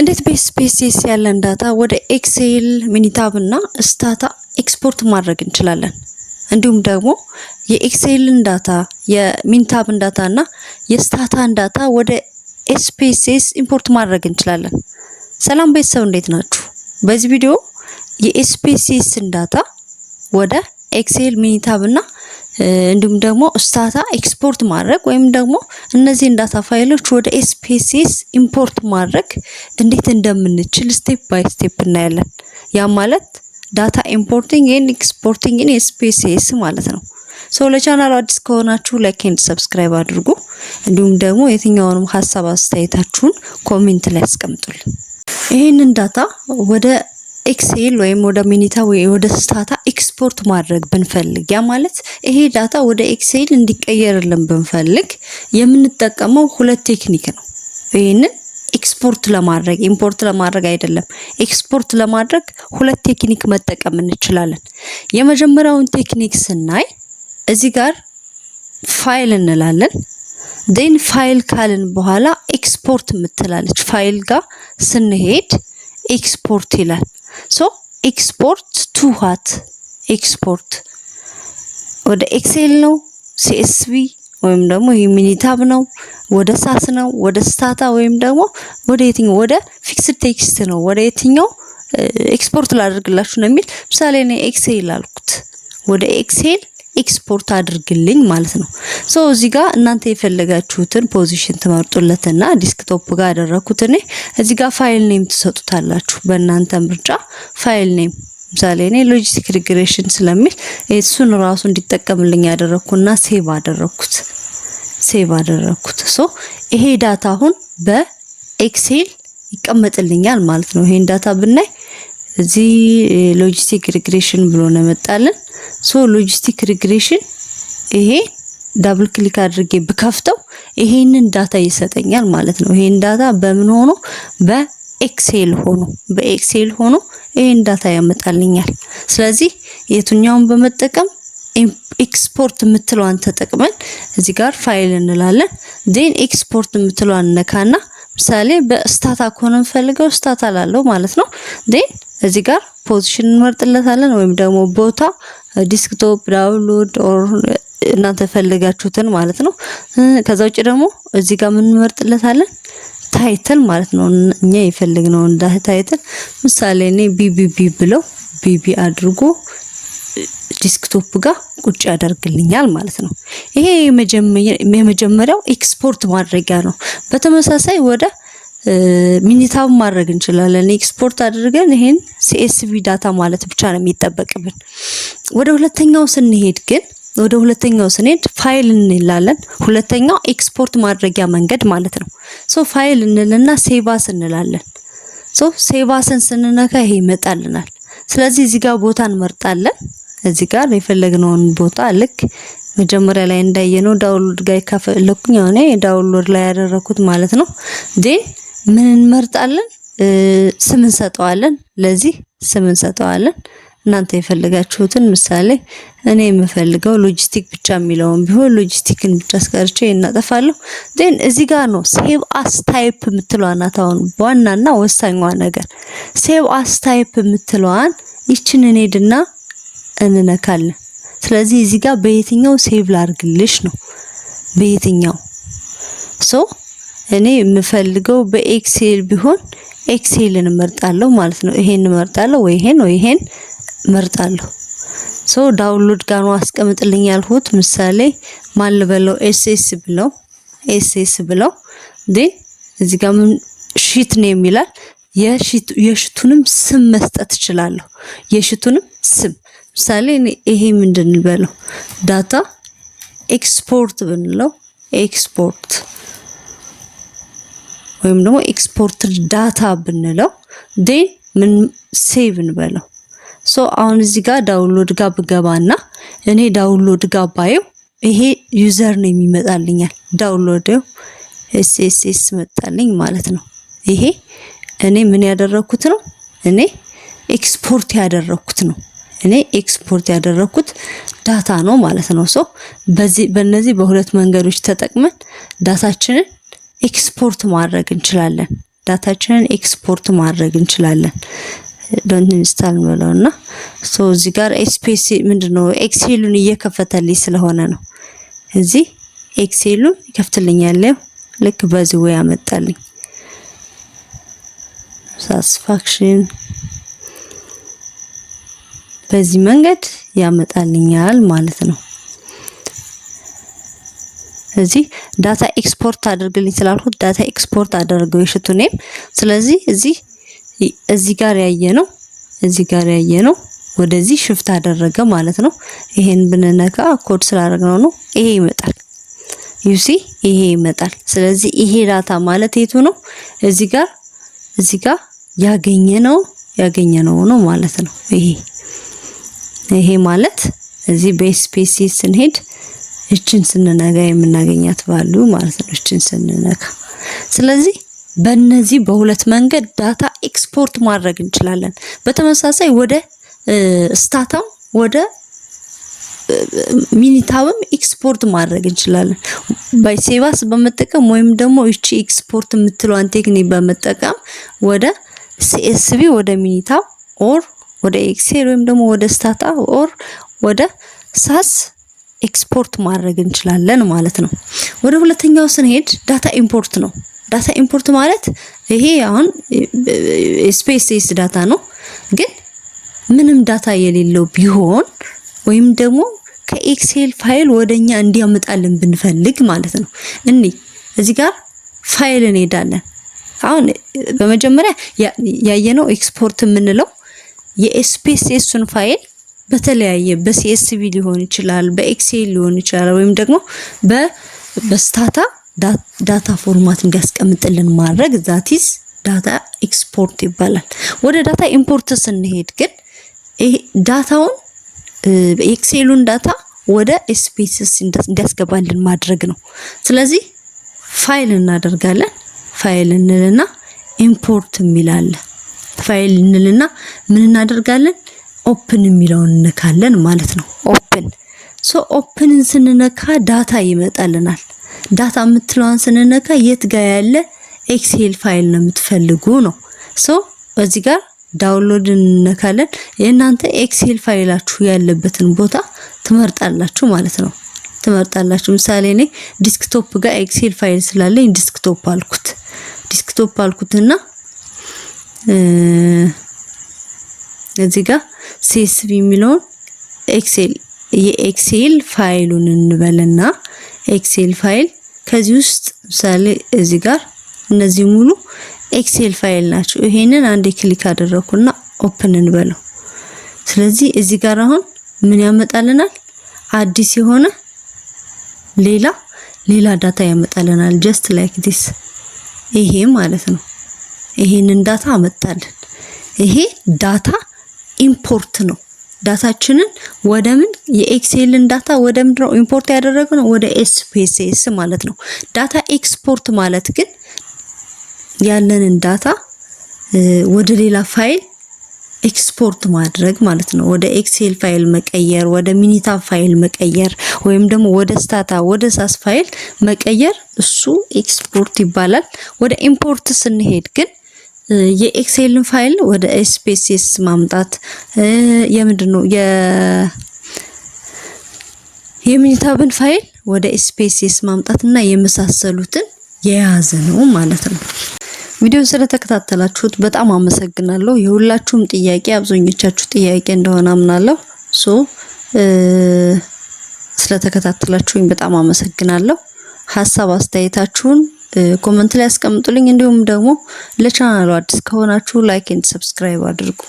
እንዴት ቤስ ቤሲስ ያለን ዳታ ወደ ኤክሴል ሚኒታብ እና ስታታ ኤክስፖርት ማድረግ እንችላለን። እንዲሁም ደግሞ የኤክሴልን ዳታ የሚኒታብን ዳታ እና የስታታን ዳታ ወደ ኤስፔሲስ ኢምፖርት ማድረግ እንችላለን። ሰላም ቤተሰብ እንዴት ናችሁ? በዚህ ቪዲዮ የኤስፔሲስን ዳታ ወደ ኤክሴል ሚኒታብ እና እንዲሁም ደግሞ ስታታ ኤክስፖርት ማድረግ ወይም ደግሞ እነዚህን ዳታ ፋይሎች ወደ ኤስፔሲስ ኢምፖርት ማድረግ እንዴት እንደምንችል ስቴፕ ባይ ስቴፕ እናያለን። ያ ማለት ዳታ ኢምፖርቲንግ ኤንድ ኤክስፖርቲንግ ኢን ኤስፔሲስ ማለት ነው። ሰው ለቻናሉ አዲስ ከሆናችሁ ላይክ ኤንድ ሰብስክራይብ አድርጉ። እንዲሁም ደግሞ የትኛውንም ሀሳብ አስተያየታችሁን ኮሜንት ላይ አስቀምጡልን። ይህንን ዳታ ወደ ኤክሴል ወይም ወደ ሚኒታ ወይ ወደ ስታታ ኤክስፖርት ማድረግ ብንፈልግ ያ ማለት ይሄ ዳታ ወደ ኤክሴል እንዲቀየርልን ብንፈልግ የምንጠቀመው ሁለት ቴክኒክ ነው። ይህንን ኤክስፖርት ለማድረግ ኢምፖርት ለማድረግ አይደለም፣ ኤክስፖርት ለማድረግ ሁለት ቴክኒክ መጠቀም እንችላለን። የመጀመሪያውን ቴክኒክ ስናይ እዚህ ጋር ፋይል እንላለን። ዴን ፋይል ካልን በኋላ ኤክስፖርት የምትላለች ፋይል ጋር ስንሄድ ኤክስፖርት ይላል። ሶ ኤክስፖርት ቱ ዋት ኤክስፖርት ወደ ኤክሴል ነው፣ ሲኤስቪ ወይም ደግሞ ሚኒታብ ነው፣ ወደ ሳስ ነው፣ ወደ ስታታ ወይም ደግሞ ወደ የትኛው ወደ ፊክስድ ቴክስት ነው፣ ወደ የትኛው ኤክስፖርት ላደርግላችሁ ነው የሚል ምሳሌ ነው። ኤክሴል አልኩት ወደ ኤክሴል ኤክስፖርት አድርግልኝ ማለት ነው። ሶ እዚህ ጋር እናንተ የፈለጋችሁትን ፖዚሽን ትመርጡለትና ዲስክቶፕ ጋር ያደረኩት እኔ እዚህ ጋር ፋይል ኔም ትሰጡታላችሁ በእናንተ ምርጫ ፋይል ኔም ምሳሌ እኔ ሎጂስቲክ ሪግሬሽን ስለሚል እሱን ራሱ እንዲጠቀምልኝ ያደረግኩና ሴቭ አደረኩት ሴቭ አደረግኩት። ሶ ይሄ ዳታ አሁን በኤክሴል ይቀመጥልኛል ማለት ነው። ይሄን ዳታ ብናይ እዚህ ሎጂስቲክ ሪግሬሽን ብሎ ነው መጣልን። ሶ ሎጂስቲክ ሪግሬሽን ይሄ ዳብል ክሊክ አድርጌ ብከፍተው ይሄንን ዳታ ይሰጠኛል ማለት ነው። ይሄን ዳታ በምን ሆኖ በኤክሴል ሆኖ በኤክሴል ሆኖ ይሄን ዳታ ያመጣልኛል። ስለዚህ የቱኛውን በመጠቀም ኤክስፖርት የምትለዋን ተጠቅመን እዚህ ጋር ፋይል እንላለን። ዴን ኤክስፖርት የምትለዋን ነካና ምሳሌ በስታታ ከሆነ የምፈልገው ስታታ ላለው ማለት ነው ዴን እዚህ ጋር ፖዚሽን እንመርጥለታለን ወይም ደግሞ ቦታ ዲስክቶፕ፣ ዳውንሎድ ኦር እናንተ ፈልጋችሁትን ማለት ነው። ከዛ ውጭ ደግሞ እዚህ ጋር ምን እንመርጥለታለን ታይትል ማለት ነው። እኛ የፈለግነውን ታይትል ምሳሌ እኔ ቢቢቢ ብለው ቢቢ አድርጎ ዲስክቶፕ ጋር ቁጭ ያደርግልኛል ማለት ነው። ይሄ የመጀመሪያው ኤክስፖርት ማድረጊያ ነው። በተመሳሳይ ወደ ሚኒታው ማድረግ እንችላለን። ኤክስፖርት አድርገን ይሄን ሲኤስቪ ዳታ ማለት ብቻ ነው የሚጠበቅብን። ወደ ሁለተኛው ስንሄድ ግን ወደ ሁለተኛው ስንሄድ ፋይል እንላለን። ሁለተኛው ኤክስፖርት ማድረጊያ መንገድ ማለት ነው። ሶ ፋይል እንልና ሴቫስ እንላለን። ሶ ሴቫስን ስንነካ ይሄ ይመጣልናል። ስለዚህ እዚህ ጋር ቦታ እንመርጣለን። እዚህ ጋር የፈለግነውን ቦታ ልክ መጀመሪያ ላይ እንዳየነው ዳውንሎድ ጋር ከፈለኩኝ ሆነ ዳውንሎድ ላይ ያደረኩት ማለት ነው ዴን ምን እንመርጣለን? ስም እንሰጠዋለን። ለዚህ ስም እንሰጠዋለን። እናንተ የፈለጋችሁትን ምሳሌ እኔ የምፈልገው ሎጂስቲክ ብቻ የሚለውን ቢሆን ሎጂስቲክን ብቻ አስቀርቼ እናጠፋለሁ። ዴን እዚህ ጋር ነው ሴቭ አስ ታይፕ የምትለዋን ናት። አሁን ዋናና ወሳኝዋ ነገር ሴቭ አስ ታይፕ የምትለዋን ይችን እንሄድና እንነካለን። ስለዚህ እዚህ ጋር በየትኛው ሴቭ ላርግልሽ ነው በየትኛው ሶ እኔ የምፈልገው በኤክሴል ቢሆን ኤክሴልን እመርጣለሁ ማለት ነው። ይሄን እመርጣለሁ ወይ ይሄን ወይ ይሄን እመርጣለሁ። ሶ ዳውንሎድ ጋር ነው አስቀምጥልኝ ያልሁት። ምሳሌ ማን ልበለው? ኤስኤስ ብለው ኤስኤስ ብለው ዴን እዚህ ጋር ምን ሺት ነው የሚላል። የሽቱንም ስም መስጠት እችላለሁ። የሽቱንም ስም ምሳሌ ይሄ ምንድን ልበለው? ዳታ ኤክስፖርት ብንለው ኤክስፖርት ወይም ደግሞ ኤክስፖርትድ ዳታ ብንለው ዴን ምን ሴቭ እንበለው። ሶ አሁን እዚህ ጋር ዳውንሎድ ጋር ብገባና እኔ ዳውንሎድ ጋር ባየው ይሄ ዩዘር ነው የሚመጣልኛል። ዳውንሎድ ኤስኤስኤስ መጣልኝ ማለት ነው። ይሄ እኔ ምን ያደረኩት ነው? እኔ ኤክስፖርት ያደረኩት ነው። እኔ ኤክስፖርት ያደረኩት ዳታ ነው ማለት ነው። ሶ በዚህ በእነዚህ በሁለት መንገዶች ተጠቅመን ዳታችንን ኤክስፖርት ማድረግ እንችላለን። ዳታችንን ኤክስፖርት ማድረግ እንችላለን። ዶንት ኢንስታል ምለው እና ሶ እዚህ ጋር ኤስፔስ ምንድነው ኤክሴሉን እየከፈተልኝ ስለሆነ ነው። እዚህ ኤክሴሉን ይከፍትልኛል። ልክ በዚህ ወይ ያመጣልኝ ሳትስፋክሽን በዚህ መንገድ ያመጣልኛል ማለት ነው እዚህ ዳታ ኤክስፖርት አድርግልኝ ስላልኩት ዳታ ኤክስፖርት አደረገው የሽቱ ኔም። ስለዚህ እዚህ እዚህ ጋር ያየ ነው እዚህ ጋር ያየ ነው ወደዚህ ሽፍት አደረገ ማለት ነው። ይሄን ብንነካ ኮድ ስላደረግነው ነው ይሄ ይመጣል። ዩሲ ይሄ ይመጣል። ስለዚህ ይሄ ዳታ ማለት የቱ ነው? እዚህ ጋር እዚህ ጋር ያገኘ ነው ያገኘ ነው ነው ማለት ነው። ይሄ ይሄ ማለት እዚህ በኤስፔሲ ስንሄድ እችን ስንነጋ የምናገኛት ባሉ ማለት ነው። እችን ስንነጋ ስለዚህ በእነዚህ በሁለት መንገድ ዳታ ኤክስፖርት ማድረግ እንችላለን። በተመሳሳይ ወደ ስታታም ወደ ሚኒታብም ኤክስፖርት ማድረግ እንችላለን። ሴቫስ በመጠቀም ወይም ደግሞ እቺ ኤክስፖርት የምትለዋን ቴክኒክ በመጠቀም ወደ ሲኤስቪ ወደ ሚኒታብ ኦር ወደ ኤክሴል ወይም ደግሞ ወደ ስታታ ኦር ወደ ሳስ ኤክስፖርት ማድረግ እንችላለን ማለት ነው። ወደ ሁለተኛው ስንሄድ ዳታ ኢምፖርት ነው። ዳታ ኢምፖርት ማለት ይሄ አሁን ስፔስ ኤስ ዳታ ነው፣ ግን ምንም ዳታ የሌለው ቢሆን ወይም ደግሞ ከኤክሴል ፋይል ወደኛ እንዲያመጣልን ብንፈልግ ማለት ነው። እኒ እዚህ ጋር ፋይል እንሄዳለን። አሁን በመጀመሪያ ያየነው ኤክስፖርት የምንለው የስፔስ ኤሱን ፋይል በተለያየ በሲኤስቪ ሊሆን ይችላል፣ በኤክሴል ሊሆን ይችላል፣ ወይም ደግሞ በስታታ ዳታ ፎርማት እንዲያስቀምጥልን ማድረግ ዛቲስ ዳታ ኤክስፖርት ይባላል። ወደ ዳታ ኢምፖርት ስንሄድ ግን ዳታውን ኤክሴሉን ዳታ ወደ ስፔስስ እንዲያስገባልን ማድረግ ነው። ስለዚህ ፋይል እናደርጋለን። ፋይል እንልና ኢምፖርት የሚላለ ፋይል እንልና ምን እናደርጋለን? ኦፕን የሚለውን እንነካለን ማለት ነው። ኦፕን ሶ ኦፕንን ስንነካ ዳታ ይመጣልናል። ዳታ የምትለዋን ስንነካ የት ጋር ያለ ኤክሴል ፋይል ነው የምትፈልጉ ነው። ሶ እዚህ ጋር ዳውንሎድ እንነካለን። የእናንተ ኤክሴል ፋይላችሁ ያለበትን ቦታ ትመርጣላችሁ ማለት ነው። ትመርጣላችሁ። ምሳሌ እኔ ዲስክቶፕ ጋር ኤክሴል ፋይል ስላለኝ ዲስክቶፕ አልኩት። ዲስክቶፕ አልኩትና እዚህ ጋር ሲኤስቪ የሚለውን ኤክሴል የኤክሴል ፋይሉን እንበልና ኤክሴል ፋይል ከዚህ ውስጥ ምሳሌ እዚህ ጋር እነዚህ ሙሉ ኤክሴል ፋይል ናቸው። ይሄንን አንዴ ክሊክ አደረኩና ኦፕን እንበለው። ስለዚህ እዚህ ጋር አሁን ምን ያመጣልናል? አዲስ የሆነ ሌላ ሌላ ዳታ ያመጣልናል። ጀስት ላይክ ዲስ ይሄ ማለት ነው። ይሄንን ዳታ አመጣልን። ይሄ ዳታ ኢምፖርት ነው። ዳታችንን ወደ ምን የኤክሴልን ዳታ ወደ ምንድን ነው ኢምፖርት ያደረግነው? ወደ ኤስፒኤስኤስ ማለት ነው። ዳታ ኤክስፖርት ማለት ግን ያለንን ዳታ ወደ ሌላ ፋይል ኤክስፖርት ማድረግ ማለት ነው። ወደ ኤክሴል ፋይል መቀየር፣ ወደ ሚኒታ ፋይል መቀየር ወይም ደግሞ ወደ ስታታ፣ ወደ ሳስ ፋይል መቀየር እሱ ኤክስፖርት ይባላል። ወደ ኢምፖርት ስንሄድ ግን የኤክሴልን ፋይል ወደ ኤስፔሲስ ማምጣት የምንድን ነው የሚኒታብን ፋይል ወደ ኤስፔሲስ ማምጣት እና የመሳሰሉትን የያዘ ነው ማለት ነው። ቪዲዮ ስለተከታተላችሁት በጣም አመሰግናለሁ። የሁላችሁም ጥያቄ አብዛኞቻችሁ ጥያቄ እንደሆነ አምናለሁ። ሶ ስለተከታተላችሁኝ በጣም አመሰግናለሁ። ሀሳብ አስተያየታችሁን ኮመንት ላይ ያስቀምጡልኝ። እንዲሁም ደግሞ ለቻናሉ አዲስ ከሆናችሁ ላይክ ኤንድ ሰብስክራይብ አድርጉ።